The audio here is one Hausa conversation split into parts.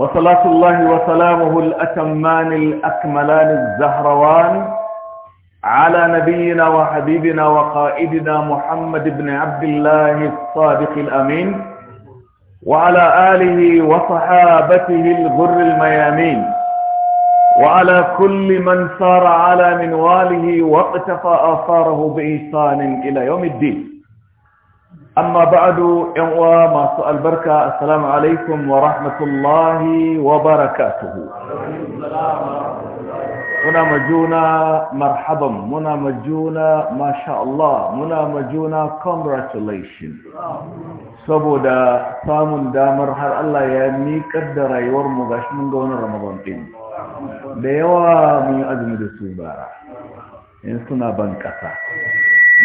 وصلاة الله وسلامه الأتمان الأكملان الزهروان على نبينا وحبيبنا وقائدنا محمد بن عبد الله الصادق الأمين وعلى آله وصحابته الغر الميامين وعلى كل من سار على منواله واقتفى آثاره بإحسان إلى يوم الدين amma ba'adu yan uwa masu albarka assalamu alaikum wa rahmatullahi wa barakatuhu muna majuna marhaban muna majuna masha Allah muna majuna congratulations saboda samun damar har Allah ya miƙar da rayuwar mu gashi mun ga wani Ramadan din da yawa mun yi azumi da su bara in suna ban kasa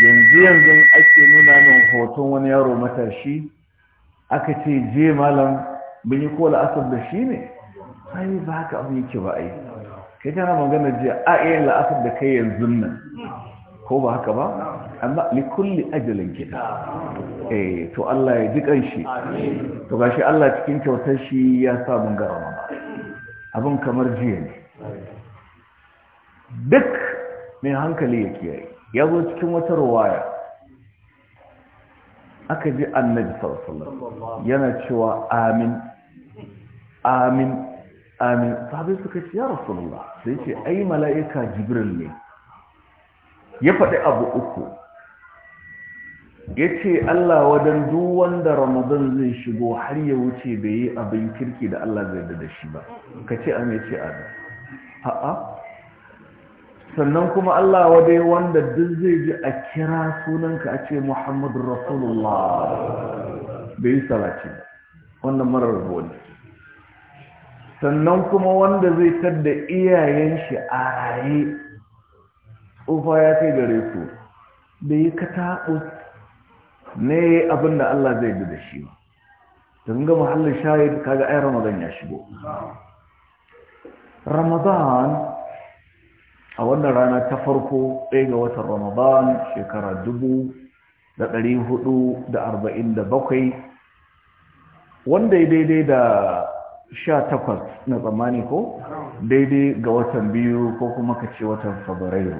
yanzu yanzu ake nuna min hoton wani yaro matashi aka ce je malam bin yi kowa la'asar da shi ne sai ba haka abu yake ba ai kai tana magana je a iya eh, la'asar da kai yanzu nan ko ba haka ba amma ni kulli ajalin kita eh to Allah ya ji kanshi to gashi Allah cikin kyautar shi ya sa mun ga Ramadan abin kamar jiya ne duk mai hankali ya kiyaye ya zo cikin wata ruwaya aka ji annabi sallallahu yana cewa amin amin amin sahabi suka ce ya rasulullah sai ce ai mala'ika jibril ne ya faɗi abu uku ya ce Allah wadan duk wanda Ramadan zai shigo har ya wuce bai yi abin kirki da Allah zai da shi ba ka ce an ya ce a ha'a sannan kuma Allah wadai wanda duk zai ji a kira sunanka a ce Muhammadu Rasulullah bai yi wannan marar ne sannan kuma wanda zai tadda iyayen shi a raye tsofa ya kai gare su da yi kataɓus ne abin Allah zai bi da shi ba ta ga muhallin shayid kaga ai ramadan ya shigo ramadan a wannan rana ta farko ɗaya ga watan ramadan shekara dubu da ɗari hudu da arba'in da bakwai wanda ya daidai da sha takwas na tsammani ko daidai ga watan biyu ko kuma ka ce watan fabrairu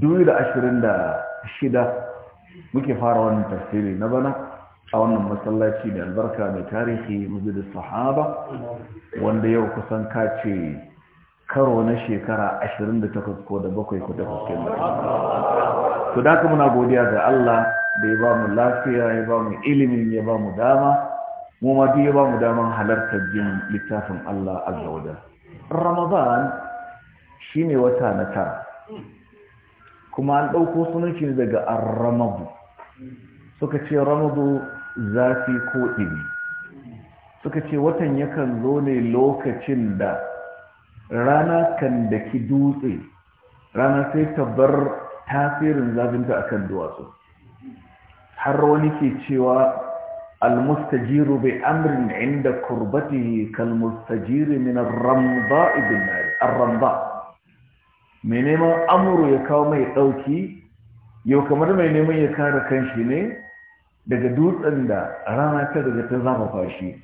dubu da ashirin da shida muke fara wannan tafsiri na bana a wannan masallaci da albarka mai tarihi da sahaba wanda yau kusan kace karo na shekara 28 ko da bakwai ko da fuske to da muna godiya ga Allah da ya ba mu lafiya ya ba mu ilimin ya ba mu dama mu ma duk ya ba mu daman halartar jin littafin Allah azza wajal Ramadan shine wata na tara kuma an ɗauko sunan shi daga ar-ramadu suka ce ramadu zafi ko ɗimi suka ce watan yakan zo ne lokacin da rana kan daki dutse rana sai ta bar tasirin zafinta a kan duwatsu har wani ke cewa almustajiru bai amrin inda kurbatihi kalmustajiri min ramba ramda ibn mai neman amuru ya kawo mai ɗauki? yau kamar mai neman ya kare kanshi ne daga dutsen da rana ta daga ta zafafa shi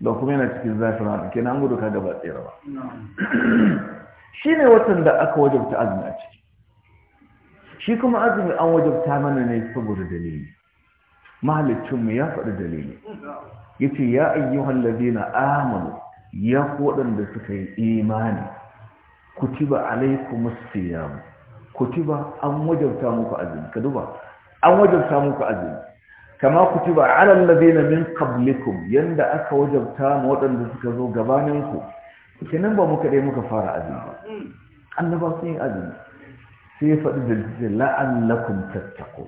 ba kuma yana cikin zafin haka ke an gudu kaga gaba tsira ba shi ne watan da aka wajabta azumi a ciki shi kuma azumi an wajabta mana ne saboda dalili mahalicinmu ya faɗi dalili ya ce ya ayyuhan na amalu ya waɗanda suka yi imani Ku ci kutiba alaikum ci ba an wajabta muku azumi ka duba an wajabta muku azumi kama kutiba ala allazina min qablikum yanda aka wajabta ma waɗanda suka zo gabanin ku nan ba muka dai muka fara azumi ba annaba sun yi azumi sai ya faɗi dalilin la'allakum tattaqu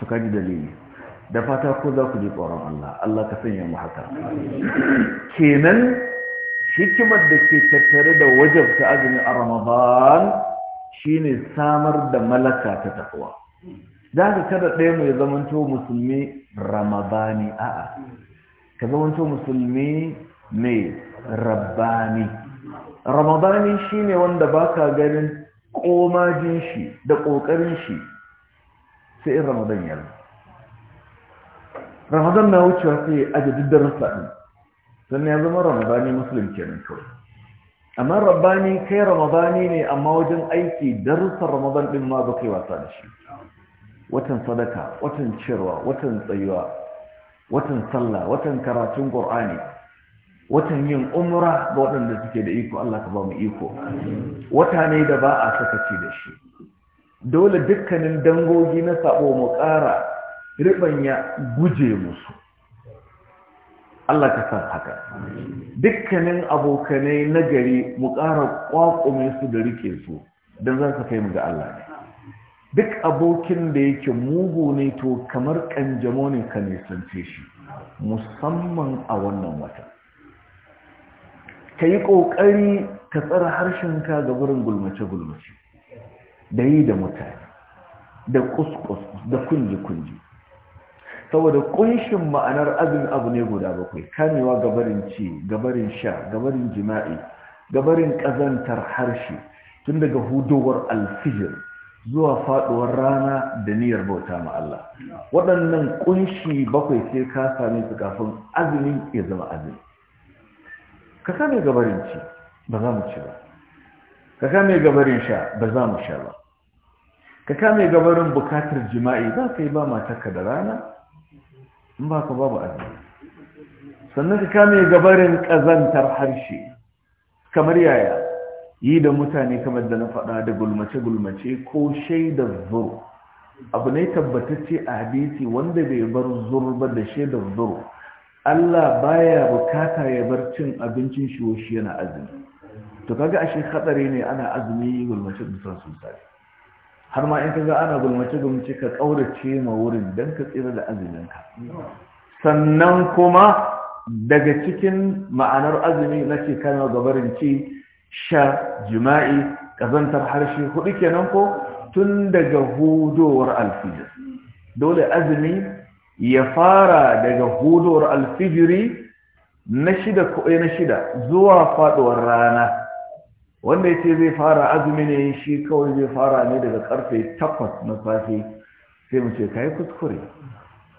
to kaji dalili da fata ko za ku ji tsoron Allah Allah ka sanya mu haka kenan hikimar da ke tattare da wajabta azumi a Ramadan shine samar da malaka ta takwa da haka kada ɗaya mai zamanto musulmi ramabani a'a ka zamanto musulmi mai rabbani ramabani shine wanda baka ganin komajin shi da ƙoƙarin shi sai in ramadan ya ramadan na wucewa sai aje duk darussa ɗin sannan ya zama ramadani musulun kenan kawai amma rabbani kai ramadani ne amma wajen aiki darussan ramadan din ma ba kai wasa da shi watan sadaka watan cirwa watan tsayuwa watan sallah watan karatun qur'ani watan yin umra ga waɗanda suke da iko Allah ka ba mu iko wata ne da ba a sakaci da shi dole dukkanin dangogi na sabo mu ƙara ribanya guje musu Allah ka san haka dukkanin abokanai nagari mu kara kwakume su da rike su dan zan sa kai mu ga Allah ne duk abokin da yake mugu ne to kamar kanjamo ne ka nisance shi musamman a wannan wata ka yi ƙoƙari ka tsara ka ga wurin gulmace-gulmace da yi da mutane da kuskus da kunji-kunji saboda kunshin ma'anar abin abu ne guda bakwai kamewa gabarin ci gabarin sha gabarin jima'i gabarin ƙazantar harshe tun daga hudowar alfijir zuwa faduwar rana da niyyar bauta ma Allah waɗannan kunshi bakwai sai ka same su kafin azumin ya zama azumi ka same gabarin ci ba za mu ci ba ka kame gabarin sha ba za mu sha ba ka kame gabarin bukatar jima'i za ka yi ba matarka da rana in ba ka babu azumi sannan ka kame gabarin ƙazantar harshe kamar yaya yi da mutane kamar da na faɗa da gulmace-gulmace ko shaidar zuru abu ne tabbatacce a hadisi wanda bai bar zuru ba da shaidar zuru Allah baya bukata ya bar cin abincin shi shi yana azumi to kaga ashe hadari ne ana azumi gulmace da sun sare. har ma in kaga ana gulmace gulmace ka kaurace ma wurin dan ka tsira da azumin ka sannan kuma daga cikin ma'anar azumi nake kana gabarin ci sha jima'i kazantar harshe hudu kenan ko tun daga hudowar alfijir dole azumi ya fara daga hudowar alfijiri na shida eh, na shida zuwa faduwar rana wanda ya zai fara azumi ne shi kawai zai fara ne daga karfe takwas na safe sai mu ce kai kuskure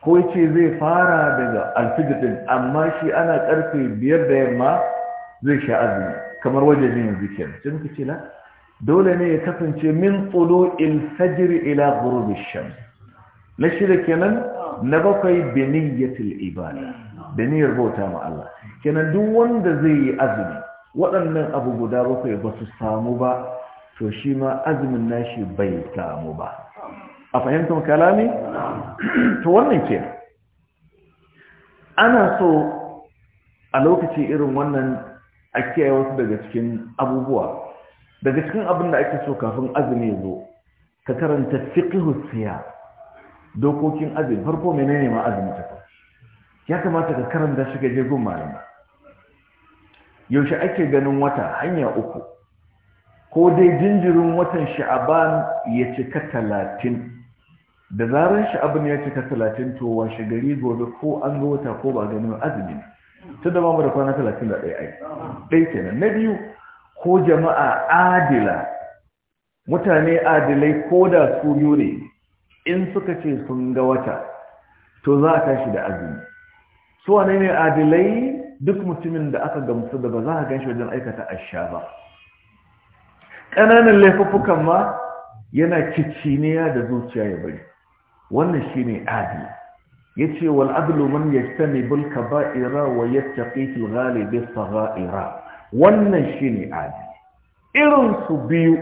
ko ce zai fara daga alfijir ɗin, amma shi ana karfe biyar da yamma zai sha azumi kamar wajen yanzu kenan sai ce dole ne ya kasance min tulu'il fajr ila ghurubi na shida kenan na bakwai beniyyatul ibada beniyyar bauta ma Allah kenan duk wanda zai yi azumi waɗannan abu guda bakwai ba su samu ba to shi ma azumin nashi bai samu ba a fahimtar kalami to wannan ke ana so a lokaci irin wannan a kiyaye wasu daga cikin abubuwa daga cikin abin da ake so kafin azumi zo ka karanta fiqhu siya dokokin azumi farko menene ma azumi ta ya kamata ka karanta shi ga jegun malama yaushe ake ganin wata hanya uku ko dai jinjirin watan sha'aban ya cika talatin da zarar sha'aban ya cika talatin to washe gari gobe ko an ga wata ko ba ganin azumi ne tun da mamu da kwana 31 ai ɗai kenan na biyu ko jama'a adila mutane adilai ko da su biyu ne in suka ce sun ga wata to za a tashi da azumi su wane ne adilai duk mutumin da aka gamsu da ba za a gan shi wajen aikata asha ba ƙananan laifuffukan ma yana kiciniya da zuciya ya bari wannan shi ne adili yace wal adlu man yastanibul kaba'ira wa yattaqi fil ghalibi sagha'ira wannan shi ne irin su biyu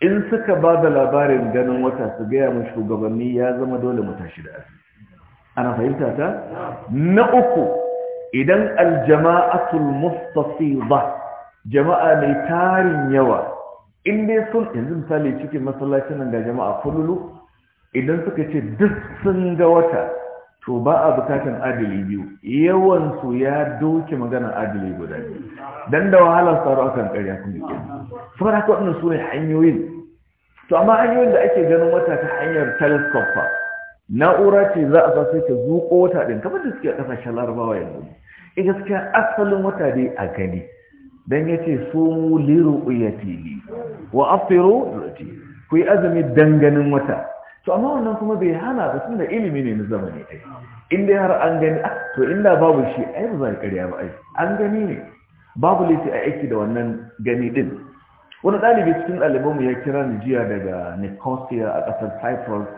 in suka ba da labarin ganin wata su gaya ma shugabanni ya zama dole mu tashi da azumi ana fahimta ta na uku idan aljama'atul mustafida jama'a mai tarin yawa in dai sun yanzu misali cikin masallacin nan ga jama'a fululu idan suka ce duk sun ga wata to ba a bukatan adili biyu yawansu ya doke maganar adili guda biyu dan da wahalar tsaro akan karya kuma ke saboda haka waɗannan sune hanyoyin to amma hanyoyin da ake ganin wata ta hanyar telescope na'ura ce za a sai ta zuƙo wata din kamar da suke a ƙasashen larabawa yanzu e gaskiya asalin wata dai a gani Dan ya ce su liru uyati wa afiru ku yi azumi ganin wata to amma wannan kuma bai hana ba tunda ilimi ne na zamani ai in dai har an gani ah to inda babu shi ai ba za a karya ba ai an gani ne babu laifi a aiki da wannan gani din wani ɗalibi cikin mu ya kira ni jiya daga nicosia a ƙasar cyprus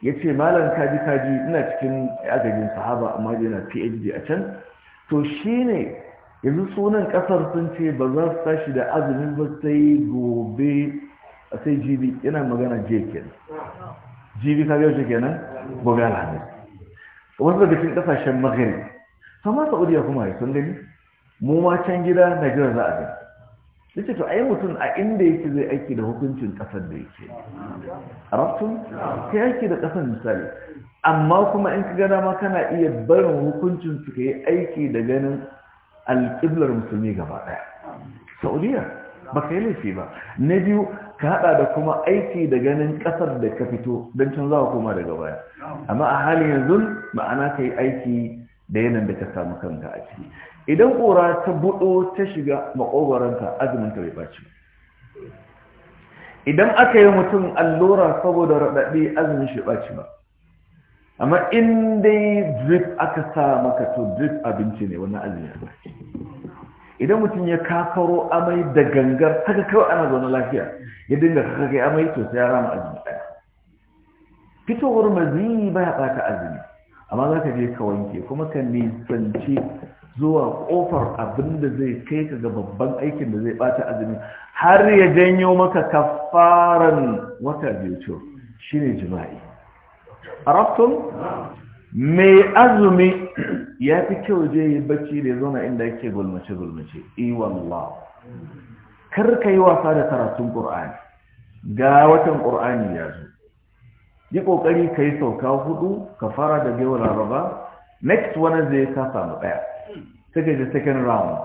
ya ce malam kaji kaji ina cikin agajin sahaba amma yana phd a can to shi ne yanzu sunan ƙasar sun ce ba za su tashi da azumin ba sai gobe sai jibi yana magana jekin jibi ka yau kenan gobe alhamis wasu daga cikin kasashen maghrib sama saudiya kuma ya sun gani mu ma can gida gina za a gani ce to ai mutum a inda yake zai aiki da hukuncin kasar da yake arabtun ka aiki da kasar misali amma kuma in ka gada ma kana iya barin hukuncin su ka yi aiki da ganin alƙiblar musulmi gaba ɗaya saudiya ba ka yi laifi ba na biyu ka haɗa da kuma aiki da ganin ƙasar da ka fito don canza wa koma daga baya amma a halin yanzu ma'ana ka yi aiki da yanar da ka samu kanka a ciki idan ƙura ta buɗo ta shiga maƙogwaranka azumin ka bai ɓaci idan aka yi mutum allura saboda raɗaɗi azumin shi ɓaci ba amma in dai drip aka sa maka to drip abinci ne wannan azumin ya ɓaci idan mutum ya kakaro amai da gangar haka kawai ana zaune lafiya ya dinga kaka kai amai to sai ya rama azumi ɗaya fitowar maziyi ba ya ɓata azumi amma za ka je ka wanke kuma ka nisanci zuwa ƙofar abin da zai kai ka ga babban aikin da zai ɓata azumi har ya janyo maka kafaran wata biyu shine jima'i Arafton? mai azumi ya fi kyau je yi bacci da ya zauna inda yake gulmace-gulmace iwallah e, kar ka yi wasa da karatun ƙur'ani ga watan ƙur'ani ya zo yi ƙoƙari ka yi sauka hudu ka fara da biyu laraba next one zai ka samu ɗaya Take the second round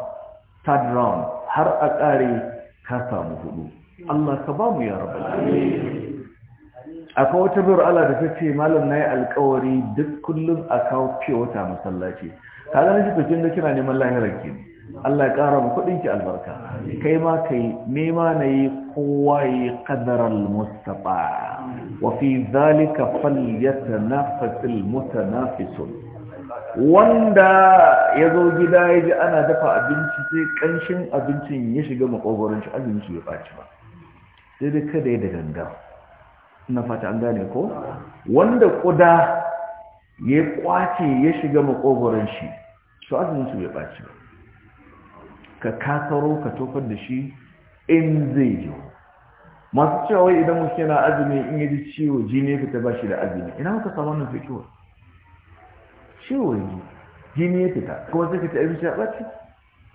third round har a ƙare ka samu hudu Allah ka ba mu ya rabu akwai wata biyar Allah da ta ce malam na yi alkawari duk kullum a kawo fiye wata masallaci ka gane shi tafiye da kina neman lahirar ki Allah ya ƙara mu kuɗin ki albarka kai ma kai nema na yi kowa yi qadar al-mustafa wa fi zalika na mutanafisun wanda ya zo gida ya ji ana dafa abinci sai ƙanshin abincin ya shiga makogoron shi abinci ya ɓaci ba sai dai kada ya da gangan na fata an gane ko wanda kuda ya kwace ya shiga makogoron shi to azumin su ya baci ka kakaro ka tofar da shi in zai yi masu cewa wai idan mu yana azumi in yaji ciwo jini fita ba shi da azumi ina ka samu wannan fikiwa ciwo yaji jini ya fita kuma sai ka ta abin ya ce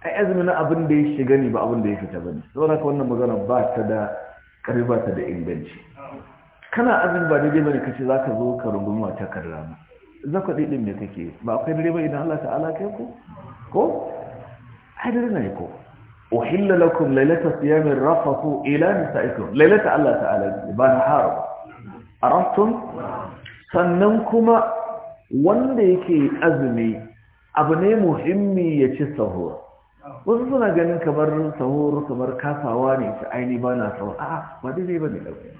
ai azumi na abin da ya shiga ne ba abin da ya fita ba ne saboda wannan magana ba ta da ƙarfi ba ta da inganci kana azumi ba daidai bane kace za ka zo ka rungumi wata karrama zaka dai ne me kake ba akwai dare ba idan Allah ta'ala kai ku ko hadari ne ko uhilla lakum laylata siyamir rafathu ila nisaikum laylata Allah ta'ala ba nahar arastum sannan kuma wanda yake azumi abu ne muhimmi ya ci sahur wasu suna ganin kamar sahur kamar kasawa ne ta aini ba na sahur a'a ba daidai ba ne ɗauki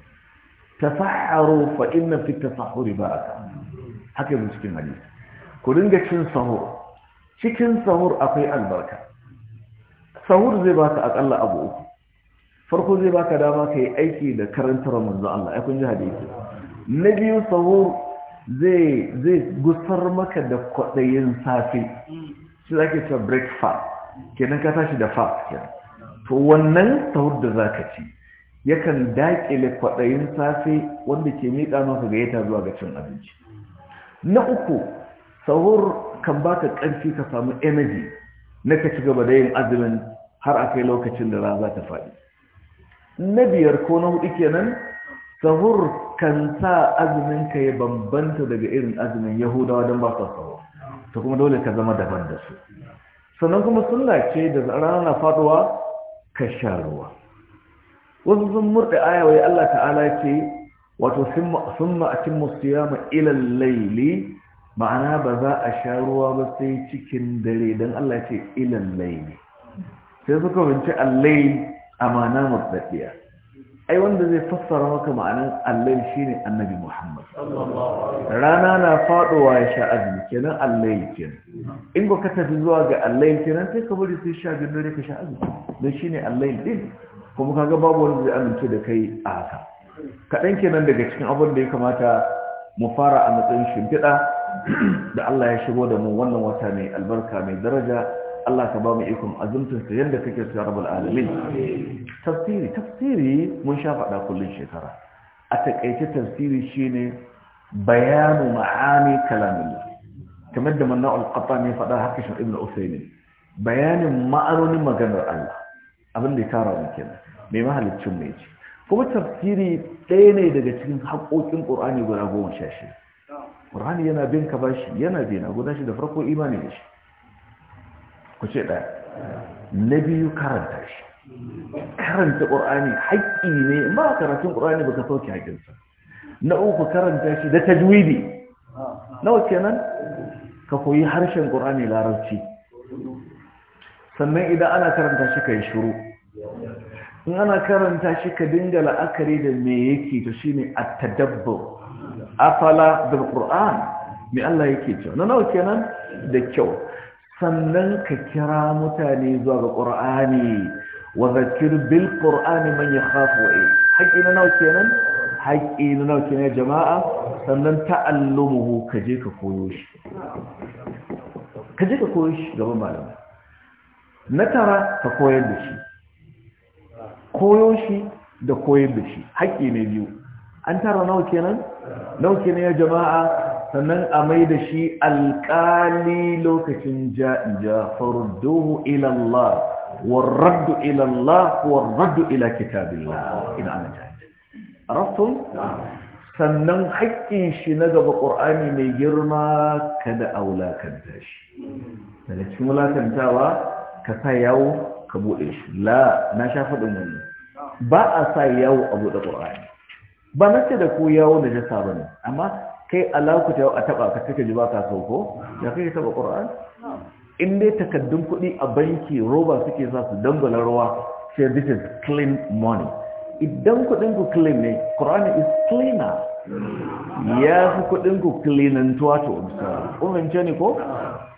tasaharu fa inna fi tasahuri baraka haka yanzu cikin hadisi ku dinga cin sahur cikin sahur akwai albarka sahur zai baka akalla abu uku farko zai baka dama kai aiki da karantar manzo Allah ai kun ji hadisi na biyu sahur zai zai gusar maka da kwadayin safi shi zake cewa breakfast kenan ka tashi da fast kenan to wannan sahur da zaka ci yakan daƙile kwaɗayin safe wanda ke miƙa maka gayyata zuwa ga cin abinci na uku sahur kan baka ƙarfi ka samu energy na ka ci gaba da yin azumin har a kai lokacin da rana ta faɗi na biyar ko na hudu kenan sahur kan sa azumin ka ya bambanta daga irin azumin yahudawa don ba su sahur ta kuma dole ka zama daban da su sannan kuma sunna ce da rana na faɗuwa ka sha ruwa wasu sun murɗe aya wai Allah ta'ala ce wato summa atimmu siyama ila layli ma'ana ba za a sha ruwa ba sai cikin dare dan Allah ce ila layli sai suka wince allai amana mutsadiya ai wanda zai fassara maka ma'anan allai shine annabi Muhammad rana na faɗowa ya sha azumi kenan allai kenan in ka tafi zuwa ga allai kenan sai ka bari sai sha biyu dare ka sha azumi kuma kaga babu wanda zai amince da kai a haka kaɗan kenan daga cikin abin da ya kamata mu fara a matsayin shimfiɗa da Allah ya shigo da mu wannan wata mai albarka mai daraja Allah ka ba mu ikon azumtun sa yadda kake sa rabbul alamin tafsiri tafsiri mun sha faɗa kullun shekara a takaice tafsiri shine bayanu ma'ani kalamillah kamar da manna al-qattani faɗa haka shi ibn usaymin bayanin ma'anonin maganar Allah abin da ya tara mu kenan mai mahalicin mai ce kuma tafsiri ɗaya ne daga cikin haƙoƙin ƙur'ani guda goma sha shida ƙur'ani yana bin ka bashi yana bin a guda shi da farko imani da shi ku ce ɗaya na biyu karanta shi karanta ƙur'ani haƙƙi ne ba karatun ƙur'ani ba ka sauke haƙƙinsa na uku karanta shi da tajwidi nawa kenan ka koyi harshen ƙur'ani larabci sannan idan ana karanta shi ka yi shuru in ana karanta shi ka dinga la'akari da me yake to shi ne a afala da ƙur'an me Allah yake cewa na nawa kenan da kyau sannan ka kira mutane zuwa ga ƙur'ani wa zakir bil ƙur'ani man ya khafu wa'i haƙi na nawa kenan haƙi na nawa kenan jama'a sannan ta'allumuhu ka je ka koyo shi ka je ka koyo shi gaban malamai na tara ka koyar da shi koyo shi da koyar da shi haƙƙi ne biyu an tara nawa kenan nawa kenan ya jama'a sannan a mai da shi alƙali lokacin ja'afar duhu ilallah warraddu ilallah warraddu ila kitabillah ina ana jaji arastun sannan haƙƙin shi na gaba Al-ƙur'ani mai girma kada a wulakanta shi daga cikin wulakantawa ka sa yawo ka buɗe shi la na sha faɗin wani ba a sa yawo a buɗe ƙur'ani ba na ce da ku yawo da jasa ba ne amma kai ta yau a taɓa ka kake ji ka sauko. ko ya kai taɓa ƙur'ani in dai takaddun kuɗi a banki roba suke sa su dangwala ruwa sai this is clean money idan kuɗin ku clean ne Qur'ani is cleaner ya fi kuɗin ku cleanantuwa to misali ce ne ko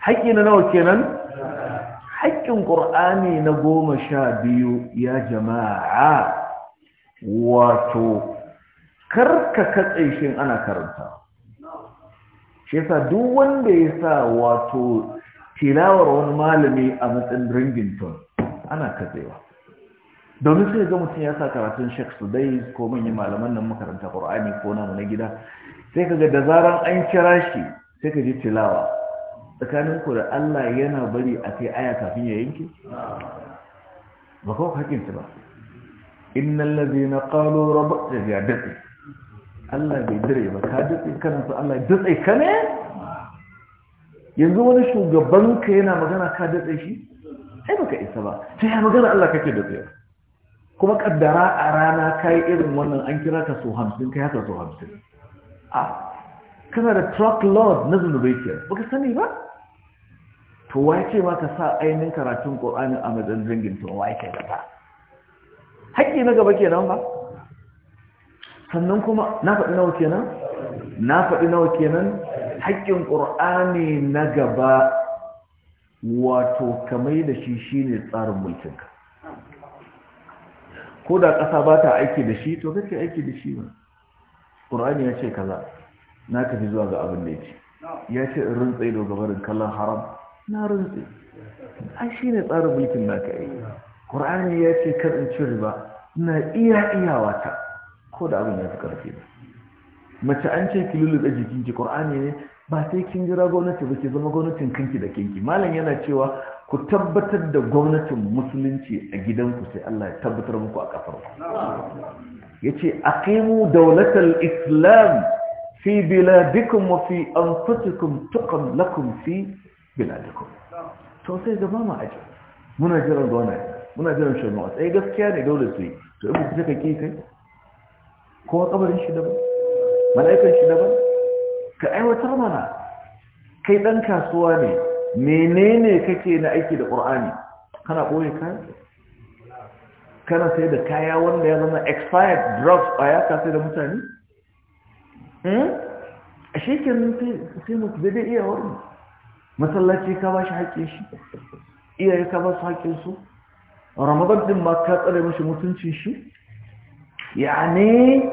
haƙƙi na nawa kenan haƙƙin ƙur'ani na goma sha biyu ya jama'a wato karka katse shi ana karanta shi yasa duk wanda ya sa wato tilawar wani malami a matsayin ringington ana katsewa domin sai ga mutum ya sa karatun su dai ko manyan malaman nan makaranta Qur'ani ko namu na gida sai kaga da zaran an kira shi sai ka ji tilawa tsakanin ku da Allah yana bari a kai aya kafin ya yanke ba kawo hakinta ba Inna lazi na ƙalo rabata ya datse Allah bai dire ba ka datse kanansu Allah datse ka ne yanzu wani shugabanka yana magana ka dace shi sai baka isa ba sai ya magana Allah kake datse kuma kaddara a rana ka yi irin wannan an kira ka so hamsin ka haka so hamsin a kana da truck load na zunubai ke baka sani ba to wace ma ka sa ainihin karatun ƙor'anin a matsayin zangin to wace da ba haƙƙi na gaba kenan ba sannan kuma na faɗi nawa kenan na faɗi nawa kenan haƙƙin ƙor'ani na gaba wato kamai da shi shi ne tsarin mulkinka ko da ƙasa ba ta aiki da shi to kake aiki da shi ba ƙor'ani ya ce kaza na tafi zuwa ga abin da ya ce ya ce in rintsai da kallon haram na rantsi an shi ne tsarin mulkin naka yi eh. ƙur'ani ya ce kar in ci riba na iya iyawa ta ko da abin ya fi ƙarfi ba mace an ce ki ɗaji jikinki ƙura'ani ne ba sai kin jira gwamnati ba ke zama gwamnatin kanki da kinki malam yana cewa ku tabbatar da gwamnatin musulunci a gidanku sai Allah ya tabbatar muku a kafar ku yace aqimu daulatar islam fi biladikun wa fi anfusikum tuqam lakum fi biladikum to sai gaba ma aji muna jiran gona muna jiran shirma tsaye gaskiya ne dole su yi to yi mutum ka kai kowa kabarin shi daban mala'ikan shi daban ka aiwatar mana kai dan kasuwa ne menene kake na aiki da qur'ani kana ɓoye kayan kana sai da kaya wanda ya zama expired drugs a ya kasai sai da mutane? Hmm? a shekin sai mutu zai iya wani masallaci ka ba shi haƙƙin shi iyaye ka ba su haƙƙin su ramadan din ba ka tsare mashi mutuncin shi yani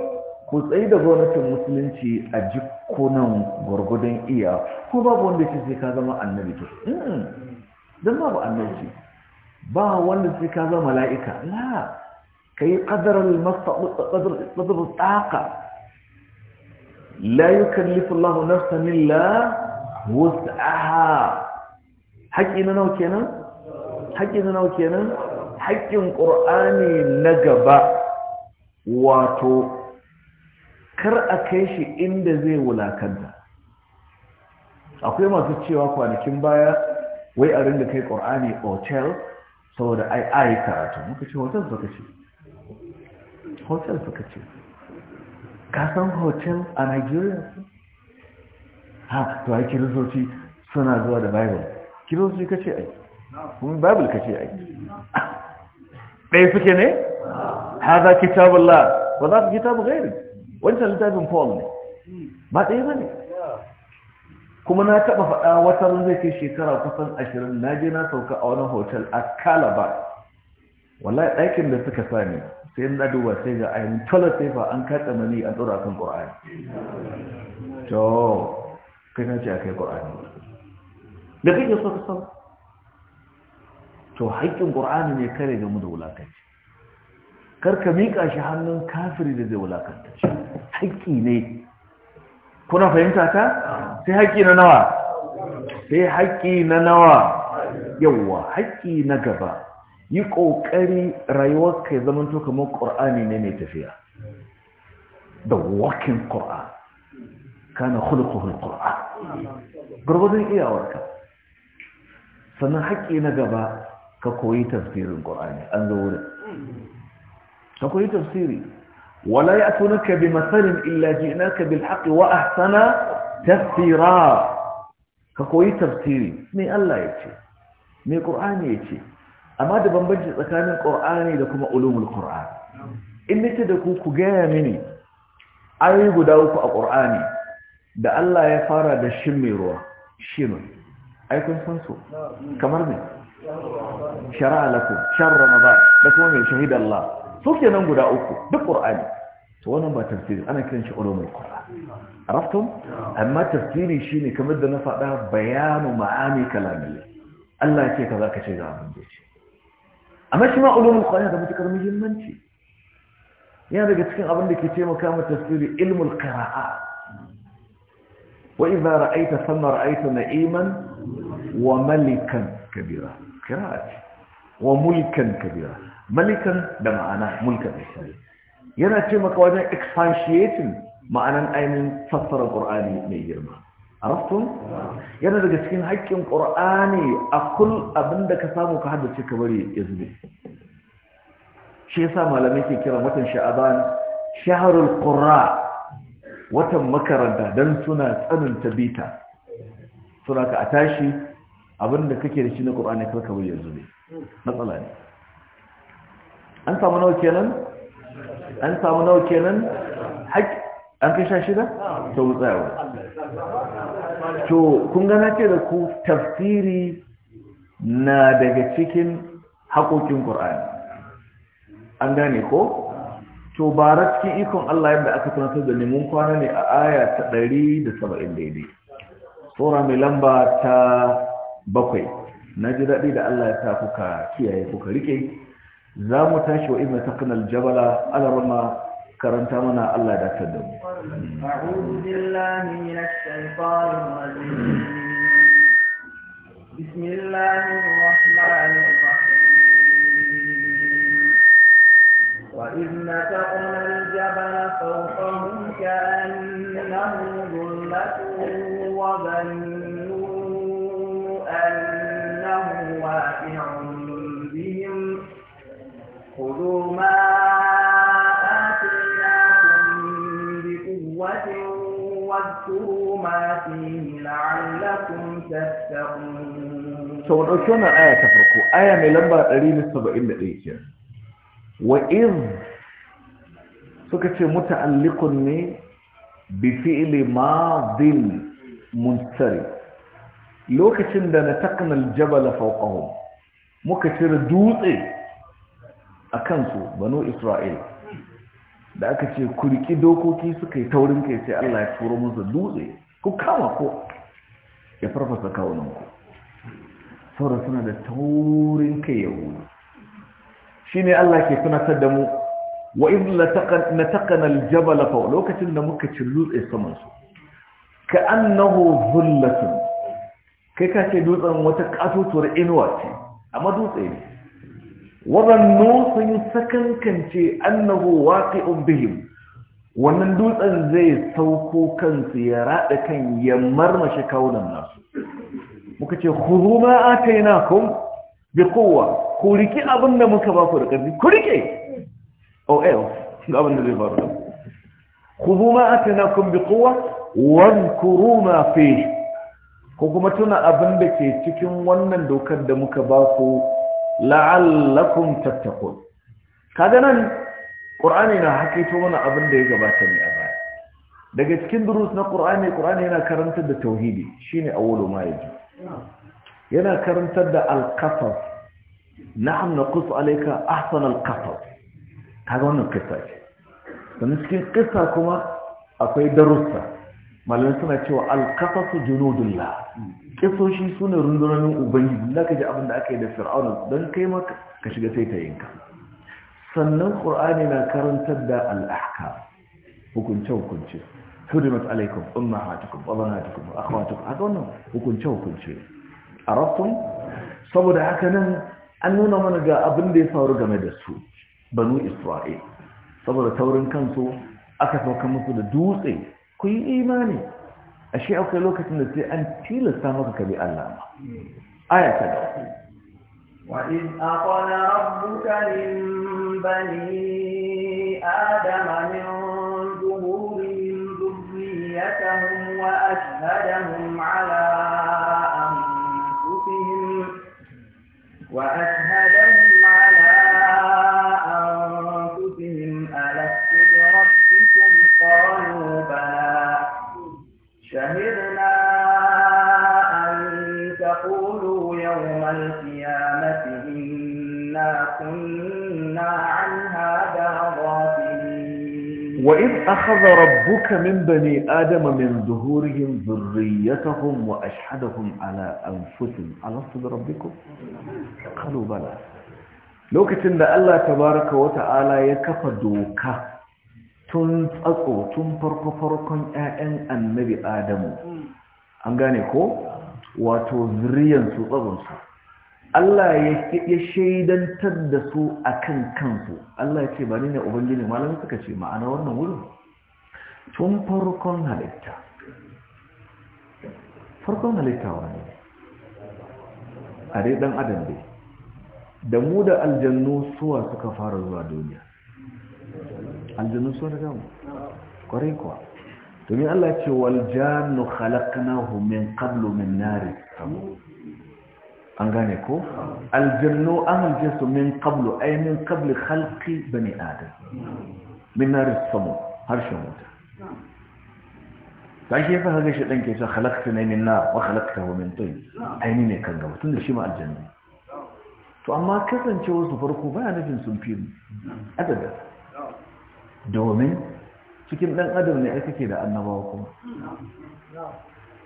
ku tsayi da gwamnatin musulunci a jikunan gwargwadon iya ko babu wanda ce sai ka zama annabi to don babu annabi, ba wanda sai ka zama mala'ika la ka yi ƙadarar tsaka la yi kallifin lahu nafsa milla wus'aha haƙƙi na nauke nan? haƙƙi na nauke nan, haƙƙin ƙur'ani na gaba wato kar a kai shi inda zai wulakanta akwai masu cewa kwanakin baya wai a ringa kai ƙur'ani hotel saboda ai ai karatu muka ce hotel suka ce hotel suka ce ka san hotel a nigeria ha to ai kiristoci suna zuwa da bible kiristoci ka ce ai kuma bible ka ce ai ɗaya suke ne ha za kitabullah ba za su kitabu gairi wancan littafin paul ne ba ɗaya ba ne kuma na taɓa faɗa wata zai kai shekara kusan ashirin na je na sauka a wani hotel a calabar wallahi ɗakin da suka sani sai na duba sai ga ayin toilet paper an katsa mani a tsura kan ƙwa'ai to kai ce a kai ƙorani da kake so ka sau to haƙƙin ƙorani ne kare gamu da wulakanci kar ka miƙa shi hannun kafiri da zai wulakanta shi haƙƙi ne kuna fahimta ta sai haƙƙi na nawa sai haƙƙi na nawa yawa haƙƙi na gaba yi ƙoƙari rayuwarka ya zama to kamar ƙorani ne mai tafiya Da walking Quran kana khuluquhu al gurgudun iyawarka sannan haƙƙi na gaba ka koyi tafsirin ƙorani an zo wurin ka koyi tafsiri wala ya tunaka bi masarin illaji inaka bil haƙi wa ahsana tafsira ka koyi tafsiri mai Allah ya ce mai ƙorani ya ce amma da bambanci tsakanin ƙorani da kuma ulumul ƙorani in nake da ku ku gaya mini ayoyi guda uku a ƙorani da Allah ya fara da shin mai ruwa shin aikun san su kamar ne shara'a lakum shar ramadan da kuma mai shahid Allah su nan guda uku duk qur'ani to wannan ba tafsiri ana kiran shi mai qur'an araftum amma tafsiri shine kamar da na faɗa bayanu ma'ani kalamiyya Allah ya ce kaza ka ce ga abin da ce amma shi ma ulumul qur'ani da mutakar muhimmanci yana daga cikin abin da ke taimaka mu tafsiri ilmul qira'at وإذا رأيت ثم رأيت نئيما وملكا كبيرا كرات وملكا كبيرا ملكا بمعنى ملكا بسالي يرى تيما كواجه اكسانشيتن معنى أيمن فصر القرآن ميجرما عرفتم؟ يرى ذلك سكين هكيم قرآني أقل أبند كسامو كهدو تكبري يزمي شيء سامو لم يكي كرامة شعبان شهر القرآن watan makaranta don suna tsananta bita suna ka a tashi abinda kake da shi na ƙur'ani karka bai yanzu ne matsala ne an samu nawa kenan an samu nawa kenan haƙ an kai sha shida ta wutsayawa to kun gana ce da ku tafsiri na daga cikin haƙoƙin ƙur'ani an gane ko to bara cikin ikon Allah yadda aka tunatar da neman kwana ne a aya ta 170 daidai tsora mai lamba ta bakwai na ji daɗi da Allah ya ta kuka kiyaye kuka rike za mu tashi wa ina ta kanal jabala alarama karanta mana Allah da ta بسم الله الرحمن الرحيم وإذ نتقنا الجبل فوقهم كأنه ظلة وظنوا أنه واقع بهم خذوا ما آتيناكم بقوة واذكروا ما فيه لعلكم تتقون. سوف نشوف آية تفرقوا آية من لما 171 كده. wa suka ce muta'alliqun ne bi fi'li madin munsari lokacin da na takna aljabal fawqahum muka cire dutse akan su banu isra'il da aka ce "Kurki dokoki suka yi taurin kai sai Allah ya turo musu dutse ku kama ko ya farfasa kawunan ku saboda suna da taurin kai yahudi shine Allah ke tunatar da mu wa idh lataqana al-jabala faw lokacin da muka ci dutse saman su ka annahu dhullatun kai ka ce dutsen wata katotuwar inuwa ce amma dutse ne sun yi sakankance annahu waqi'un bihim wannan dutsen zai sauko kansu ya rada kan ya marmashe kawunan nasu muka ce khudhu atainakum biquwwa ku riki abin da muka ba ku da ƙarfi ku rike oh, eh, oh ga abin da zai faru da ku zo ma atanakum bi Wani kuru na fi ko kuma tuna abin da ke cikin wannan dokar da muka ba ku la'allakun tattaqun kada nan ƙur'ani na hakaito mana abin da ya gabata ne a baya daga cikin durus na ƙur'ani, ƙur'ani yana karanta da tauhidi shine awwalu ma yana karantar da Alkafaf. na'am na kusa alaika ahsanal qasas kaga wannan kissa ce sannan cikin kissa kuma akwai darussa malamai suna cewa al-qasasu junudullah kisoshi sune rundunonin ubangiji da kaje abin da aka yi da fir'auna dan kai maka ka shiga sai ta sannan ƙur'ani na karantar da al-ahkam hukunce hukunce hurimat alaikum ummahatukum wa banatukum wa akhawatukum haka wannan hukunce hukunce saboda haka nan an nuna mana ga abin da ya faru game da su banu isra'il saboda taurin kansu aka sauka musu da dutse ku yi imani a shi akwai lokacin da sai an tilasta maka kabi Allah ma aya ta gaba وإذ أقل ربك من بني آدم من ظهورهم ذريتهم وأشهدهم على وأشهدهم على أنفسهم ألست بربكم قالوا بلى شهدنا أن تقولوا يوم القيامة إنا كنا عن هذا ضالين وإذ أخذ ربك من بني آدم من ظهورهم ذريتهم وأشهدهم على أنفسهم ألست بربكم؟ قالوا بلى lokacin da Allah tabaraka wata'ala ya kafa doka tun tsatso tun farko farkon ƴaƴan annabi Adamu an gane ko wato su tsabon su Allah ya shaidantar da su a kan kansu Allah ya ce ba ni ne ubangiji Malamin suka ce ma'ana wannan wurin tun farkon halitta farkon halitta ne. a dai dan adam dai da mu da aljannu suwa suka fara zuwa duniya aljannu suwa daga mu kwarai kuwa domin Allah ya ce wal jannu khalaqnahu min qablu min nari samu an gane ko aljannu an aljinsu min qablu ay min qabli khalqi bani adam min nar samu harshen wuta ta shi yasa kaga shi dan ke so khalaqta ne min nar wa khalaqtahu min tin ai ne kan gaba da shi ma aljanna to amma kasance wasu farko baya nufin sun fi adada domin cikin dan adam ne ai kake da annabawa kuma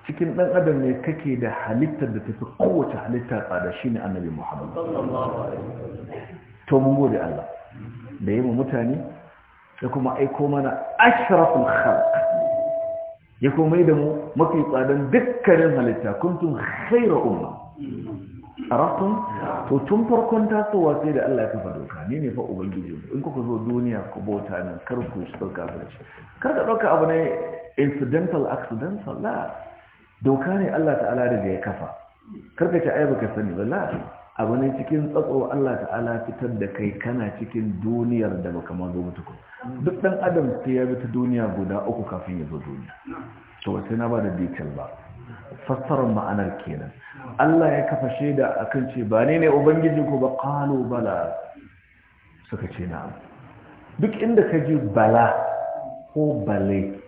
cikin ɗan adam ne kake da halittar da tafi kowace halitta tsada shi ne annabi muhammad to mun gode Allah da yi mutane da kuma aiko mana ashraful khalq ya kuma da mu mafi tsadan dukkanin halitta kuntum kaira umma rafin, to tun farkon tasowa sai da Allah ya kafa doka ne ne fa ubangiji in kuka zo duniya ku bauta nan kar ku shi kar ka ɗauka abu ne incidental accidental la doka ne Allah ta'ala da ya kafa ta ai ka sani wallahi abu ne cikin tsatso Allah ta'ala fitar da kai kana cikin duniyar da baka mazo mutuku duk dan adam sai ya bi ta duniya guda uku kafin ya zo duniya to sai na ba da detail ba fassarar ma'anar kenan Allah ya kafa shaida akan ce ba ne ne ubangiji ko ba qalu bala suka ce na'am duk inda ka ji bala ko bale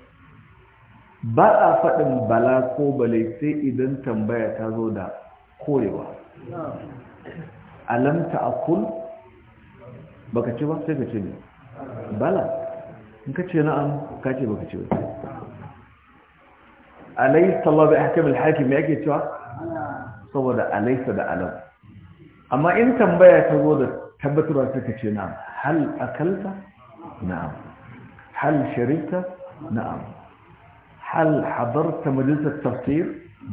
ba a faɗin bala ko balai sai idan tambaya ta zo da korewa alamta a kun? Ba ka ce ba sai ka ce ne bala in ka ce na'am ka ce ka ce ba alaisa Allah bai hakim mai yake cewa saboda alaisa da alam amma in tambaya ta zo da tabbatarwa sai ka ce na'am hal akalta na'am hal shirinta? na'am hal hadarta majalisar tafsir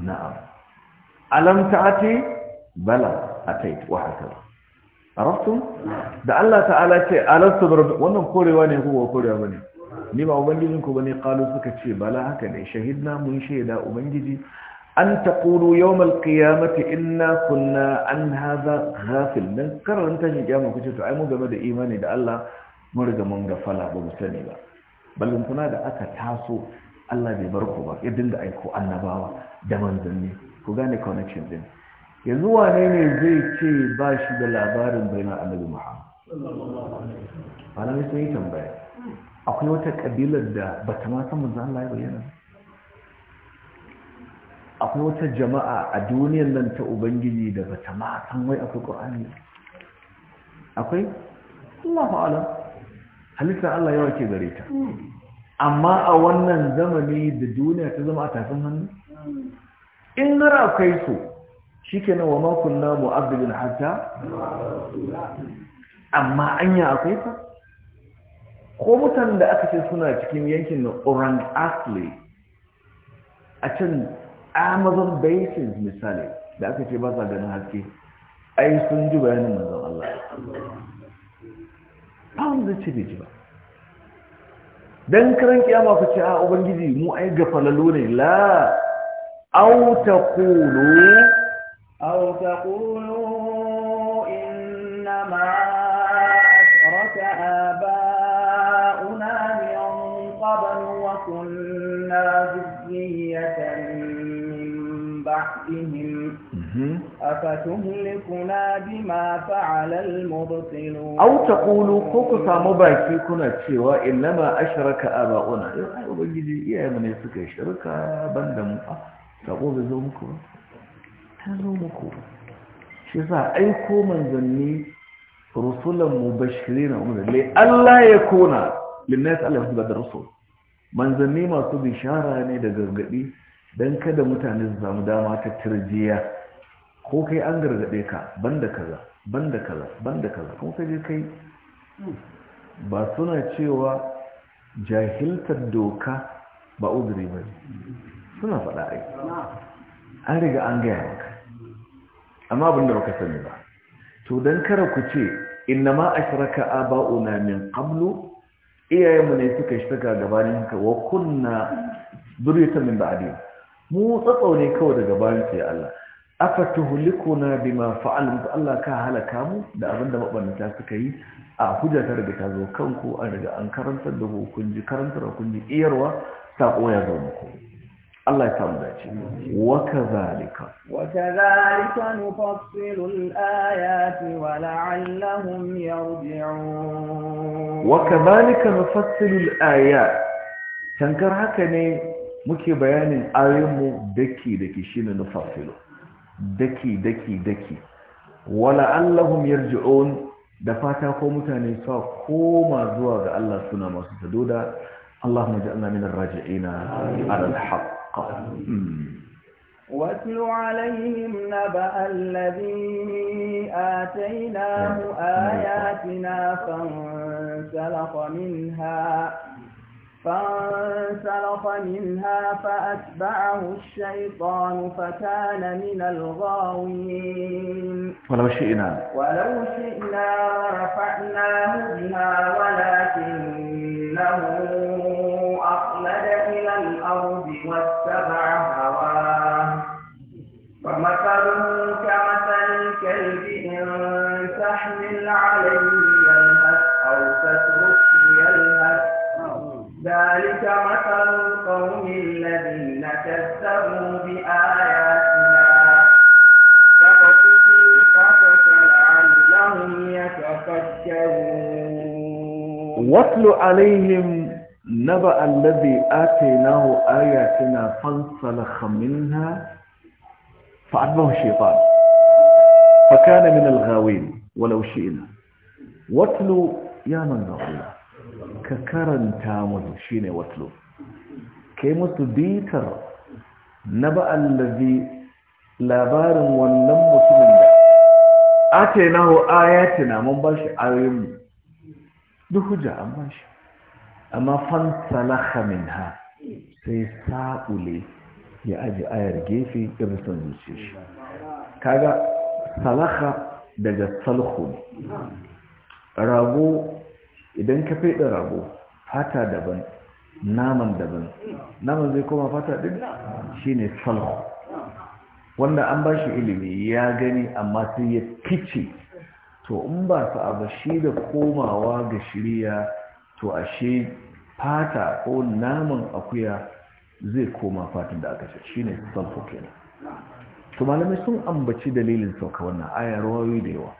na'am alam ta'ati bala atait wa hakaza arabtum da Allah ta'ala ce alastu rabbi wannan korewa ne ko korewa bane ni ba ubangijin ku bane qalu suka ce bala haka ne shahidna mun shaida ubangiji an taqulu yawm alqiyamati inna kunna an hadha ghafil dan karanta shi kiyama kuce to ai mu game da imani da Allah mu riga mun gafala ba sani ba ballin kuna da aka taso Allah bai bar ku ba ya dinga aiko annabawa da manzanni ku gane connection din yanzu wane ne zai ce ba shi da labarin bayanan annabi Muhammad wasallam ana yi tambaya akwai wata kabila da ba ta ma san manzo Allah ya bayyana akwai wata jama'a a duniyar nan ta ubangiji da ba ta ma san wai akwai Al-Qur'ani? akwai Allahu a'lam halittar Allah yawa ke gare ta amma a wannan zamani da duniya ta zama a tafin hannu in har akwai su nan wa makon namu mu'abbidin hatta amma anya akwai fa ko mutan da aka ce suna cikin yankin na orang asli a can amazon basins misali da aka ce ba sa ganin haske ai sun ji bayanin mazan Allah ba wanda ce bai ji ba dan karan kiyama ku ce a ubangiji mu ai falalu ne la aw taqulu aw taqulu inna ma asraka abauna min qabl wa kunna min ba'dihim Afatuhulikuna bi ma fa’alal mubutilu. Auta kulu ko ku samu baki kuna cewa in lama a shiraka a ba’una, yau a yi bangiji ne suka yi shiraka ban da mu a sako da zo muku ba. Ta zo muku ba. Shi sa aiko manzanni rusulan bashirai na umar. Lai Allah ya kona linnais Allah su gada rusul. Manzanni masu bishara ne da gargaɗi don kada mutane su samu dama ta tarjiya. ko kai an gargaɗe ka banda kaza banda kaza banda kaza kuma kai kai ba suna cewa jahiltar doka ba uzuri ba suna faɗa ai an riga an gaya maka amma abin da ka sani ba to don kara ku ce inna ma a aba'una min qablu iyayenmu ne suka shiga gabanin ka wa kunna zuriyatan min ba'di mu tsatsau ne kawai daga bayan sai Allah aka tuhlikuna bima fa'alna Allah ka halaka mu da abinda mabannata suka yi a hujja ta riga ta zo kanku an riga an karanta da kun ji da kun ji iyarwa ta koya zo muku Allah ya samu dace wa kazalika wa kazalika nufassilu al-ayati wa la'allahum yarji'un wa kazalika nufassilu al-ayat tankar haka ne muke bayanin ayoyin mu dake dake shine nufassilu daki daki daki wala allahum yarji'un da fata ko mutane sa koma zuwa ga Allah suna masu tadoda Allahumma ja'alna min ar-raji'ina ala al-haqq واتل a نبأ الذي آتيناه آياتنا فانسلخ منها فانسلخ منها فأتبعه الشيطان فكان من الغاوين ولو شئنا ولو شئنا رفعناه بها ولكنه أخلد إلى الأرض واتبع هواه فمثله watlu alaihim naba allazi atainahu ayatina fansalakha minha fa'atbahu shaytan fakana min al-ghawin walau shi'na watlu ya manzo Allah ka karanta musu shine watlu kai musu bitar naba allazi labarin wannan mutumin da atainahu ayatina mun bashi ayoyin duk da an ba shi amma fansalaha ha sai sa'ule ya aji ayar gefe irin son zuciya shi kaga salaha daga salhu rago idan ka faɗi rago fata daban naman daban naman zai koma fata ɗin shine salhu wanda an ba shi ilimi ya gani amma sai ya fice to in ba su abu shi da komawa ga shirya to ashe fata ko naman akuya zai koma fatan da aka ce shi ne salfo kenan to malamai sun ambaci dalilin sauka wannan aya rawayoyi da yawa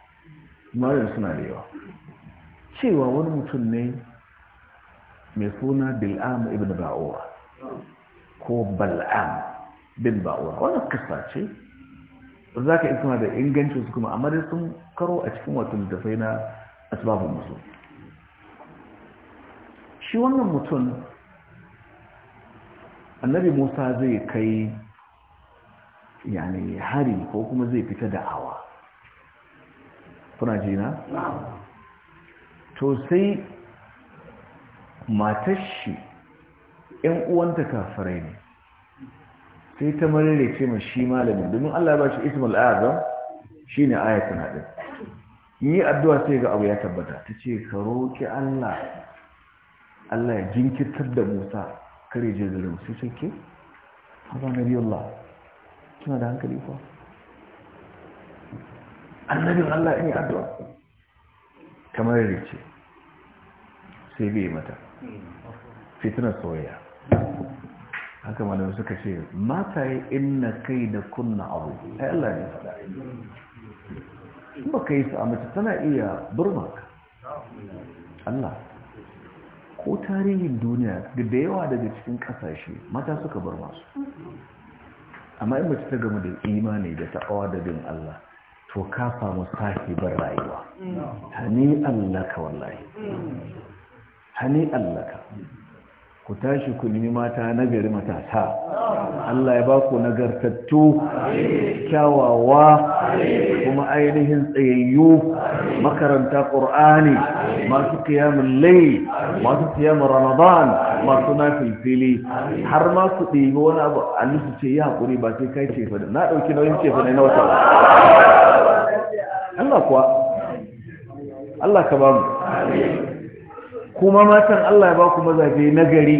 malamai suna da yawa cewa wani mutum ne mai suna bil'am ibn ba'uwa, ko bal'am bin ba'uwa wani kasa ce za ka yi suna da inganci su kuma amma sun karo a cikin da sai na asibabin musu shi wannan mutum annabi musa zai kai yani hari ko kuma zai fita da awa kuna jina? to sai matar shi ‘yan uwanta kafirai ne sai ta marire ce ma shi malamin domin Allah ba shi ismul azam shine ayatun hadin yi addu'a sai ga abu ya tabbata ta ce ka roki Allah Allah ya jinkirtar da Musa kare jirgin sai sai ke na nabi Allah kina da hankali fa annabin Allah in yi addu'a kamar rice sai bai mata fitinar soyayya haka malam suka ce mataye inna kai da kunna abu ai Allah ne in ba ka yi su a mace tana iya burma ka Allah ko tarihin duniya da yawa daga cikin ƙasashe mata suka burma su amma in mace ta gama da imani da ta'awa da bin Allah to ka samu bar rayuwa mm. hani Allah ka wallahi mm. Allah ka ku tashi ku nemi mata nagari matasa Allah ya ba ku nagartattu kyawawa kuma ainihin tsayayyu makaranta ƙur'ani masu kiyamun lai masu kiyamun ramadan masu nafin fili har ma su ɗiga wani abu a nufi ce ya haƙuri ba sai kai cefa da na ɗauki nauyin cefa ne na wata Allah kuwa Allah ka ba mu kuma matan Allah ya ba ku mazaje na gari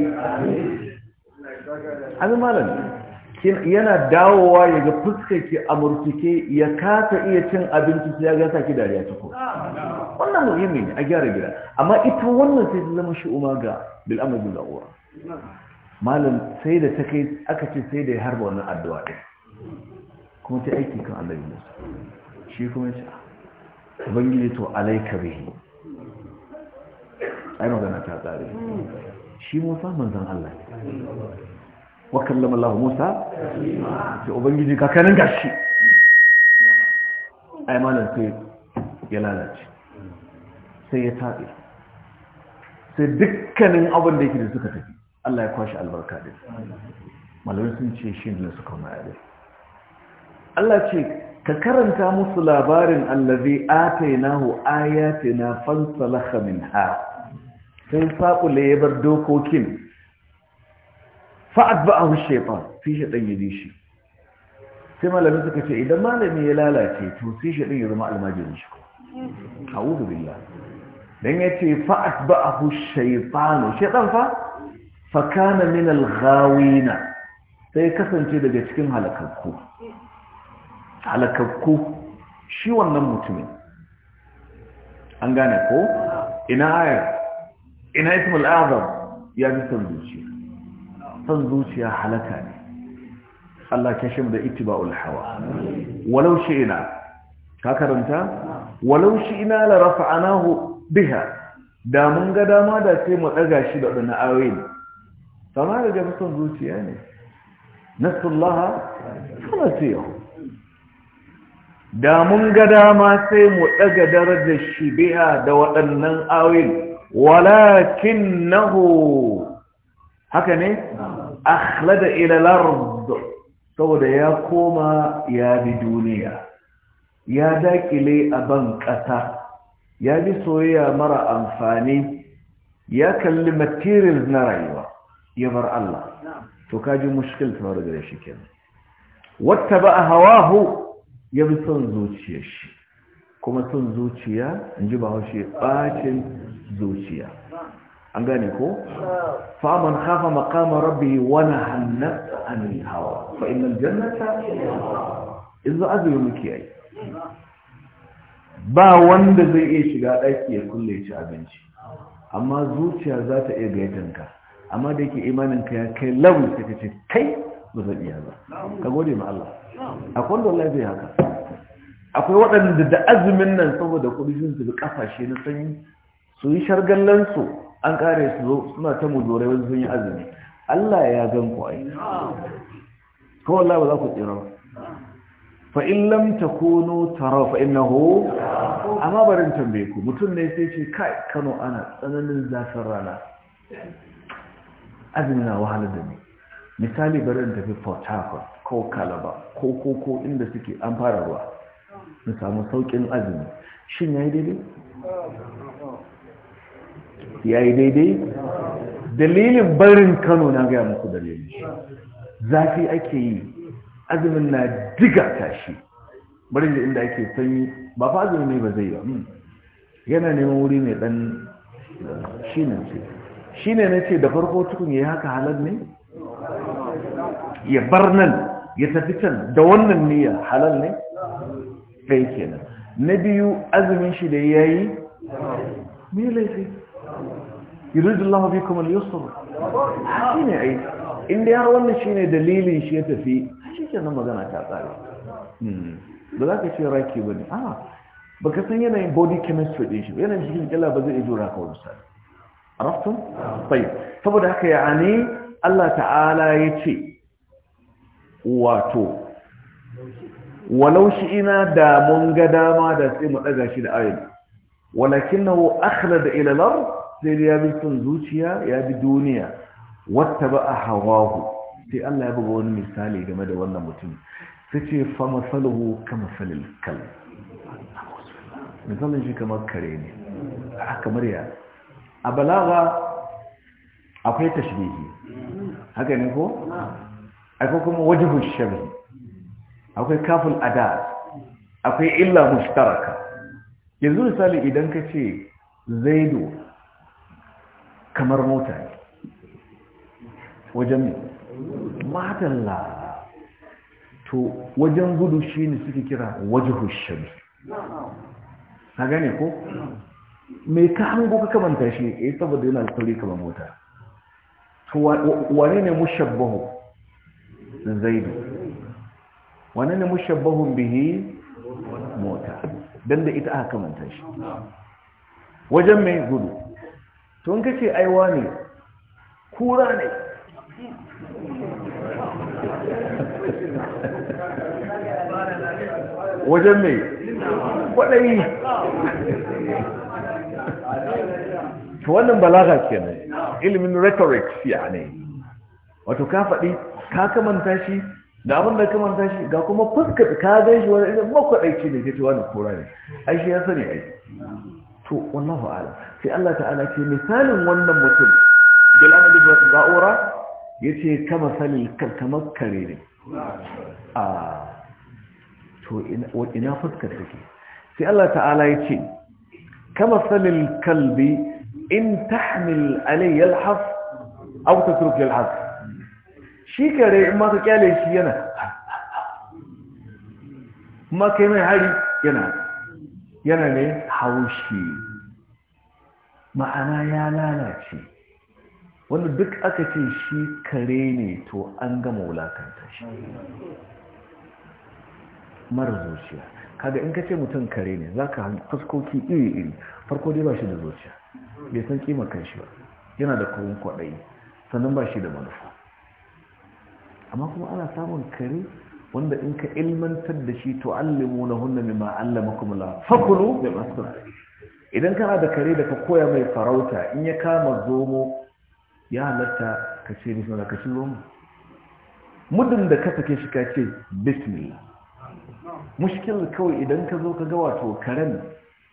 abin malam yana dawowa ya ga ki a murtuke ya kasa iya cin abinci sai ya ga saki dariya ta ko wannan muhimmi ne a gyara gida amma ita wannan sai ta zama shi ga bil amr bil ma'ruf malam sai da ta kai aka ce sai da ya harba wannan addu'a din kuma ta aiki kan Allah ya musu shi kuma ya ce ubangiji to alaika bihi ai magana ta tsari. shi musa manzan Allah wa kallama Allah musa ce ubangiji kakanin gashi ai malam sai ya lalace sai ya taɓe sai dukkanin abin da yake da suka tafi Allah ya kwashi albarka din malamai sun ce shi ne suka ma'adai Allah ce ka karanta musu labarin allazi atainahu ayatina fansalakha Ha'. sai faƙule ya bar dokokin fa'ad ba a hushefa sai shaɗan ya ji shi sai malami suka ce idan malami ya lalace to sai ɗan ya zama almajirin shi a wuzu billah don ya ce fa'ad ba a hushefano ɗan fa fakana min alghawina sai kasance daga cikin halakakku halakakku shi wannan mutumin an gane ko ina ayar ina ismul azam ya ji son zuciya son zuciya halaka ne Allah kashe mu da ittiba'ul hawa walau shi'na ka karanta walau shi'na la rafa'nahu biha da mun ga dama da sai mu daga shi da dana awin. sama da ga son zuciya ne nasallaha kana sayo da mun ga dama sai mu daga darajar shi biha da waɗannan awin. walakinahu haka ne akhlada ila al-ard saboda ya koma ya bi duniya ya dakile a ban ƙasa ya bi soyayya mara amfani ya kalli materials na rayuwa ya bar Allah to kaji mushkil tare da shi kenan wata ba hawahu ya bi son zuciyar shi kuma son zuciya in ji bahaushe ɓacin zuciya an gane ko faman hafa makama rabbi wani hannasa an hawa fa inal jannata in zo azumi muke yi ba wanda zai iya shiga ɗaki ya kulle ci abinci amma zuciya za ta iya gaitanka amma da yake imaninka ya kai lau ka ce kai ba zan iya ba ka gode ma Allah akwai wallahi zai haka akwai waɗanda da azumin nan saboda kuɗi su bi ƙasashe na sanyi su yi shargallansu an ƙare su zo suna ta mujorai wani sun yi azumi Allah ya gan ku ai ko Allah ba za ku tsira ba fa in lam takunu tara fa innahu amma barin tambaye ku mutum ne sai ce kai Kano ana tsananin zafin rana azumi na wahala da ni misali barin tafi Port Harcourt ko Calabar ko ko ko inda suke an fara ruwa mu samu saukin azumi shin yi daidai yi daidai dalilin barin Kano na gaya muku dalilin shi zafi ake yi azumin na diga tashi Barin da inda ake sanyi ba fa azumi ne ba zai yi hmm. yana neman wuri mai dan na ce Shi ne na ce da farko tukun yi haka halal ne ya bar nan ya tafi can da wannan niyyar halal ne ɗaya kenan na biyu azumin shi da ya yi mai laifi yuridullahu bi kuma yusuf shi ne inda wannan shi ne dalilin shi ya tafi shi magana ta tsari hmm. za ka ce raki ba ne ba ka san yanayin body chemistry ɗin shi yanayin cikin kyala ba zai jura ka wani sani a raftun? tsaye saboda haka ya ne allah ta'ala ya ce wato walau ina da mun ga dama da sai mu daga shi da ayin walakinahu akhlada ila al-ard sai ya bi son zuciya ya bi duniya wattaba'a hawahu sai Allah ya buga wani misali game da wannan mutum sace fa masaluhu kama salil kal misalin shi kamar kare ne a kamar ya a balaga akwai ko kuma akwai kafin ada akwai illa mushtaraka yanzu misali idan ka ce zaido kamar mota ne wajen matalla to wajen gudu shi ne suke kira waje shari ha gane ko mai ka hango ka kamanta shi ya eh, yi saboda yana alkali kamar mota to wane ne mushabbahu zaido wannan ne mushabbahun bihi mota dan da ita aka manta shi wajen mai gudu to in kace aiwa ne kura ne wajen mai kwaɗayi to wannan balaga kenan ilimin rhetoric ya ne wato ka faɗi ka kamanta shi da abin da kamar tashi ga kuma fuskar ka gan shi wani irin makwaɗaici ne ke cewa da kora ne ai shi ya sani ai to wannan ala sai Allah ta'ala ce misalin wannan mutum bilal ibn za'ura ce kama sani kamar kare ne a to ina fuskar take sai Allah ta'ala ya ce, kama sani kalbi in tahmil alayhi yalhas aw yal Haf. shi kare in maka kyale shi yana maka mai hari yana yana ne haushi ma'ana ya lalace wanda duk aka ce shi kare ne to an gama wulakanta shi mara zuciya kaga in ka ce mutum kare ne za ka haskoki iri-iri farko dai ba shi da zuciya bai san kimar kan shi ba yana da kurin kwaɗayi sannan ba shi da manufa amma kuma ana samun kare wanda in ka ilmantar da shi to allimu na hunna mimma allamakum la fakulu masu masra idan kana da kare da ka koya mai farauta in ya kama zomo ya halatta ka ce bismillah ka ci zomo mudin da ka sake shi ka ce bismillah mushkil kawai idan ka zo ka ga wato karen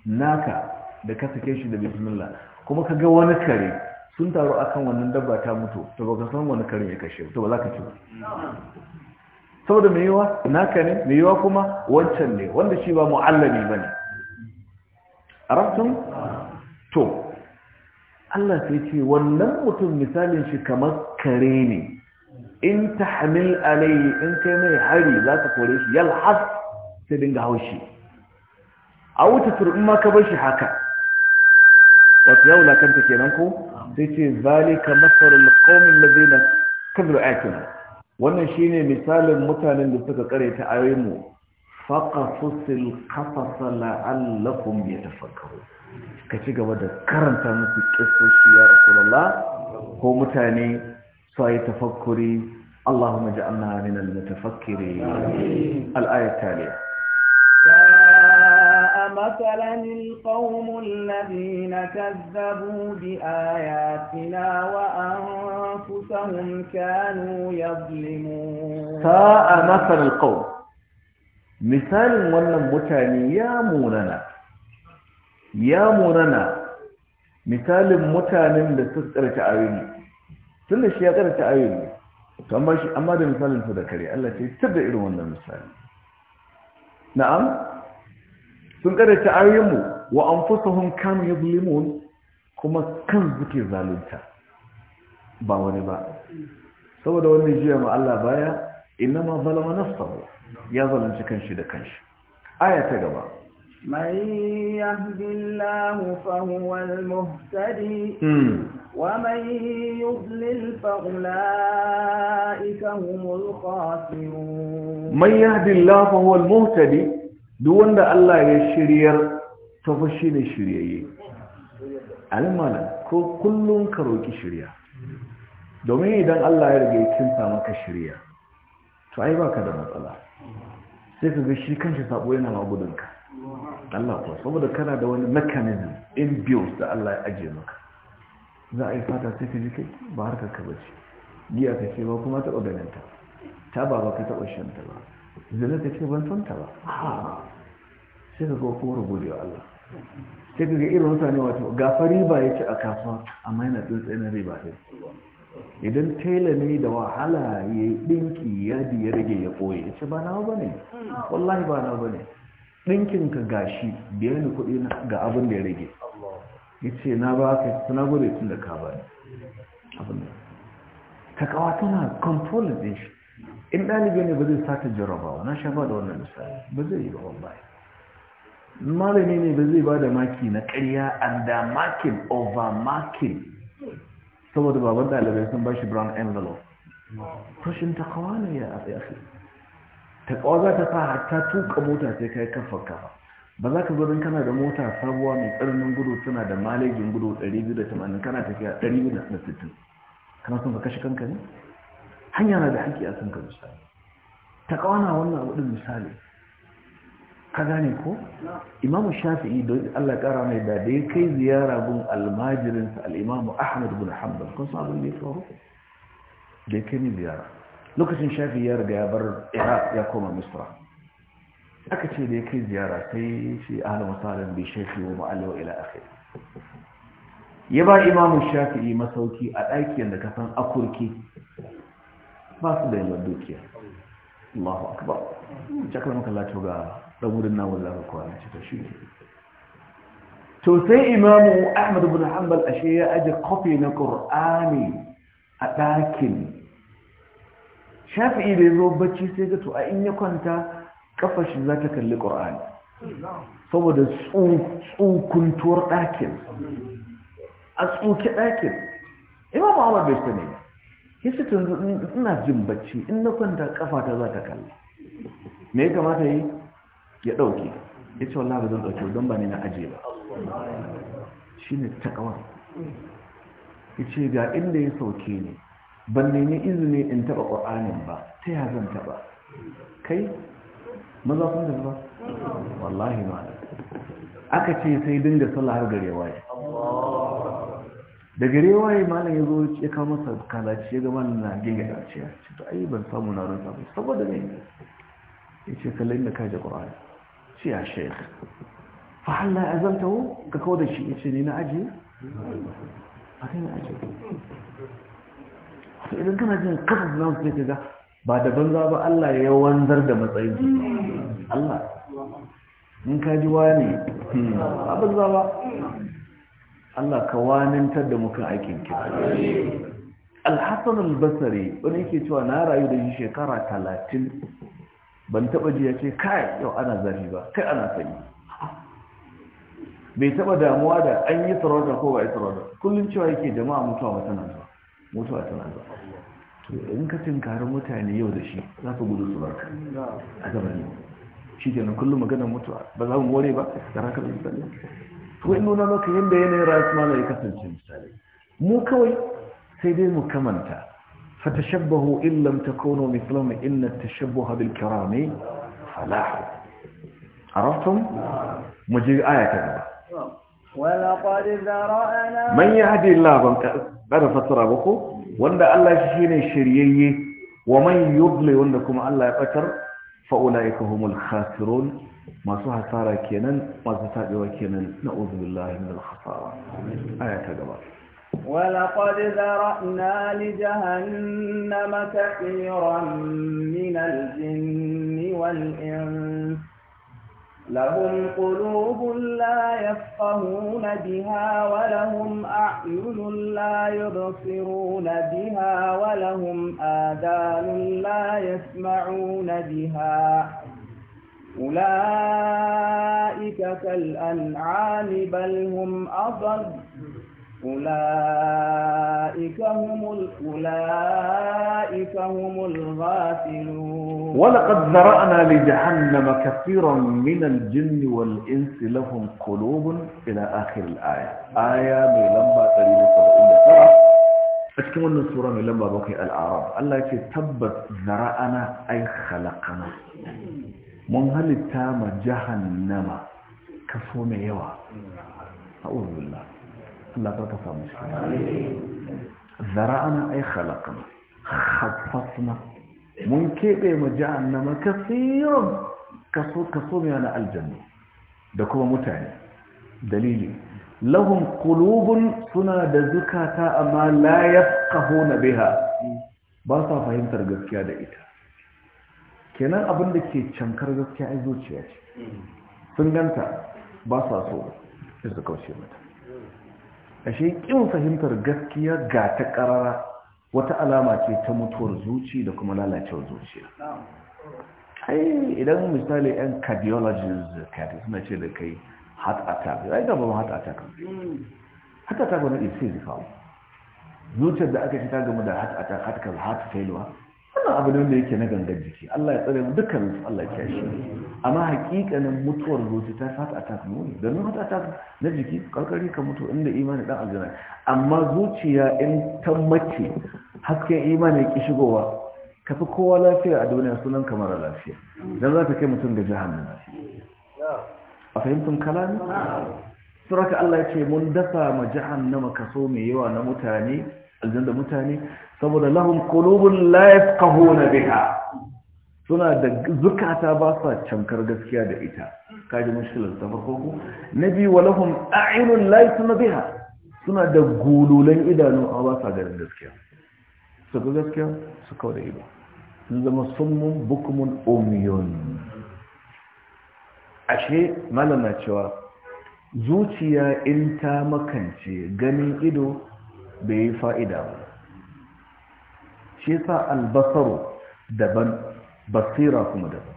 naka da ka sake shi da bismillah kuma ka ga wani kare sun taru akan wannan dabba ta mutu to ka san wani karin ya kashe to ba za ka ci ba saboda mai yiwa naka ne mai yiwa kuma wancan ne wanda shi ba mu'allami bane arabtum to Allah sai ce wannan mutum misalin shi kamar kare ne in hamil alayhi in kai mai hari za ka kore shi yalhas sai dinga haushi a wuce turbin ma ka bar shi haka wato ya wulakanta kenan ko sai ce zalika masarul qaumin ladina kadru akin wannan shine misalin mutanen da suka kare ta ayoyin mu faqafusil qafasa ta yatafakkarun ka ci gaba da karanta musu kissoshi ya ko mutane su yi tafakkuri اللهم اجعلنا من المتفكرين الآية التالية مثلا القوم الذين كذبوا بآياتنا وأنفسهم كانوا يظلمون ساء مثل القوم مثال ولن متاني يا موننا يا موننا مثال متانين لتسألك عيوني tunda shi ya karanta ayoyi ne to amma shi amma da misalin sa da kare Allah ce tabda irin wannan misali na'am sun karyata ayoyinmu wa an anfusuhum kan yuzlimun kuma kan suke zalunta ba wani ba saboda wani jiya ma Allah baya inma zalama nafsahu ya zalunci kanshi da kanshi aya ta gaba من يهد الله فهو المهتدي ومن يضلل فأولئك هم الخاسرون من يهد الله فهو muhtari. duk wanda Allah ya shiryar ta fi shi ne shiryayye almanan ko kullum ka roƙi shirya domin idan Allah ya rage cinta maka shirya to ai baka da matsala sai ka ga shi kanshi sabo yana magudunka Allah kuwa saboda kana da wani mechanism in bills da Allah ya ajiye maka za a yi fata sai ka ji kai ba harkar ka bace giya ka ce ba kuma taɓa ganin ta ta ba ba ka taɓa shanta ba zina ta ce ban santa ba sai ka ga kuma gode wa Allah sai ka ga irin mutane wato gafari ba ya ci a kasuwa amma yana tsintsayin riba sai idan tela ne da wahala ya yi ɗinki yadi ya rage ya ɓoye ya ce ba nawa ba ne wallahi ba nawa ba ne ka gashi biya ni kuɗi ga abin da ya rage ya ce na ba ka suna gudu tun da ka ba ne abin da ta kawo tana control ɗin shi in ɗalibi ne ba zai sata jarabawa na shafa da wannan misali ba zai yi ba wallahi malami ne ba zai ba da maki na ƙarya under makin over makin saboda baban ɗalibai sun ba shi brown envelope ta takawa ne ya afi takawa za ta sa hatta tuka mota sai kai kafa kafa ba za ka zurin kana da mota sabuwa mai tsananin gudu suna da malejin gudu 280 kana tafiya 260 kana son ka kashe kanka ne hanya na da haƙi a sunka misali ta ƙawana wannan abu ɗin misali ka gane ko imamu shafi'i don Allah ƙara mai da da ya kai ziyara gun almajirinsa al'imamu ahmad bin hamdan kun sabon da ya faru da ya kai ziyara lokacin shafi'i ya riga ya bar iraq ya koma misra aka ce da ya kai ziyara sai shi ahlan wasalan bai shafi wa ma'ali wa ila akhir ya ba imamu shafi'i masauki a ɗakin da ka san akurki ba su da yawan dukiya Allahu akbar jakar maka lati ga dan wurin namu da aka kwana ce ta shi to sai imamu Ahmad ibn Hanbal ashe ya aje kofi na Qur'ani a ɗakin Shafi'i da yazo bacci sai ga to a in ya kwanta kafar shi za ta kalli Qur'ani saboda tsukuntuwar ɗakin a tsuke ɗakin imam ahmad bai sani ya su ina jin bacci in na kwanta ta za ta kalla me ya kamata yi ya dauke ya ce wallah ba zan ɗauke don ba ne na aje ba shi ne kawar. ya ce ga inda ya sauke ne ban nemi izini in taɓa ƙwa'anin ba ta ya zan taɓa kai maza sun da ba wallahi ma aka ce sai dinga sallah har garewa ya daga rewaye malam ya zo ya kawo masa kalaci ya ga malam na gina a ce ce to ayi ban samu na rinsa ba saboda ne ya ce kallon inda kaji ƙwararri ce ya ya fa hannun ya zanta wu ka kawo da shi ya ce ne na aji a kan na aji to idan kana jin kasas su wasu sai ga ba da banza ba Allah ya wanzar da matsayin Allah in ka ji ne ba banza ba Allah ka wanintar da muka aikin ki Al-Hassan al-Basri wani yake cewa na rayu da shi shekara 30 ban taba ji yace kai yau ana zafi ba kai ana sanyi bai taba damuwa da an yi sarauta ko ba yi sarauta kullum cewa yake jama'a mutuwa wata nan zuwa mutuwa tana zuwa to in ka tinkari mutane yau da shi za ka gudu su barka a gaban yau shi kenan kullum maganar mutuwa ba za mu more ba da raka da ko in nuna maka yadda yanayin rayuwa na ya kasance misali mu kawai sai dai mu kamanta fatashabbahu in lam takunu mithlum inna tashabbaha bil karami falah arafton mu ji aya ta gaba walaqad zara'ana man yahdi Allah ban ka bada fatara boko wanda Allah shi ne shiryayye wa man yudli wanda kuma Allah ya batar. فأولئك هم الخاسرون ما سوها سارا كينن ما ستابعوا كينن نعوذ بالله من الخسارة آية كبار ولقد ذرأنا لجهنم كثيرا من الجن والإنس لهم قلوب لا يفقهون بها ولهم أعين لا يبصرون بها ولهم آذان لا يسمعون بها أولئك كالأنعام بل هم أضل أولئك هم ال... أولئك هم الغافلون ولقد ذرأنا لجهنم كثيرا من الجن والإنس لهم قلوب إلى آخر الآية آية من لما تريد سبعين ترى أتكلم أن السورة من لما بقي الأعراب الله يكي تبت ذرأنا أي خلقنا من هل التام جهنم كفوم يوا أعوذ بالله Allah ana samu shi zara'ana mun kebe mu jahannama kasirun kaso kaso mai na aljanna da kuma mutane dalili lahum qulubun suna da zukata amma la yafqahuna biha ba sa fahimtar gaskiya da ita kenan abin da ke cankar gaskiya ai zuciya ce sun ganta ba sa so sai su mata ashe kin fahimtar gaskiya ga ta karara wata alama ce ta mutuwar zuci da kuma lalacewar zuciya ai idan misali yan cardiologists kai, suna ce da kai heart attack ai da ba heart attack heart attack wani is physical zuciyar da aka shiga ta game da heart attack heart failure wannan abu ne wanda yake na gangan jiki Allah ya tsare mu dukkan su Allah ya kiyaye amma hakikanin mutuwar zuci ta fata a attack Da domin ta attack na jiki karkari ka mutu inda imani dan aljanna amma zuciya in ta mace hasken imani ki shigowa ka fi kowa lafiya a duniya sunan kamar lafiya dan za ta kai mutum ga jahannama a fahimtun kalami suraka Allah ya ce mun dafa ma jihar jahannama kaso mai yawa na mutane aljanna mutane saboda lahum Kulubun la yafqahuna biha suna da zukata ba sa cankar gaskiya da ita kaji mushkilar safar farko ku nabi wa lahum a'yunun la yasma biha suna da gululan idanu a ba sa garin gaskiya su gaskiya su kawo da ido sun zama sunmun bukumun umyun ashe malama cewa zuciya in ta makance ganin ido bai yi fa'ida ba shi sa albasaru daban basira kuma daban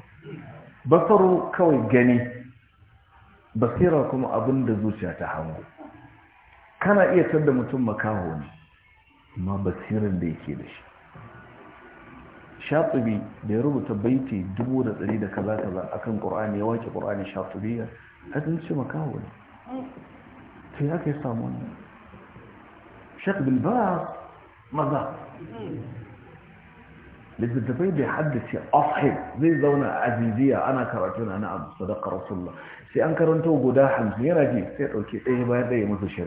basaru kawai gani basira kuma abin da zuciya ta hango kana iya tadda mutum makaho ne amma basirin da yake da shi shatubi da ya rubuta baiti dubu da tsari da kaza kaza akan qur'ani ya wace qur'ani ya? hadin ce makaho ne ta ya kai samu ne shek ba maza littattafai bai haddace ashab zai zauna a aziziya ana karatu na na abu sadaka rasulullah sai an karanta guda hamsin yana ji sai ɗauki ɗaya bayan ɗaya masa shari'a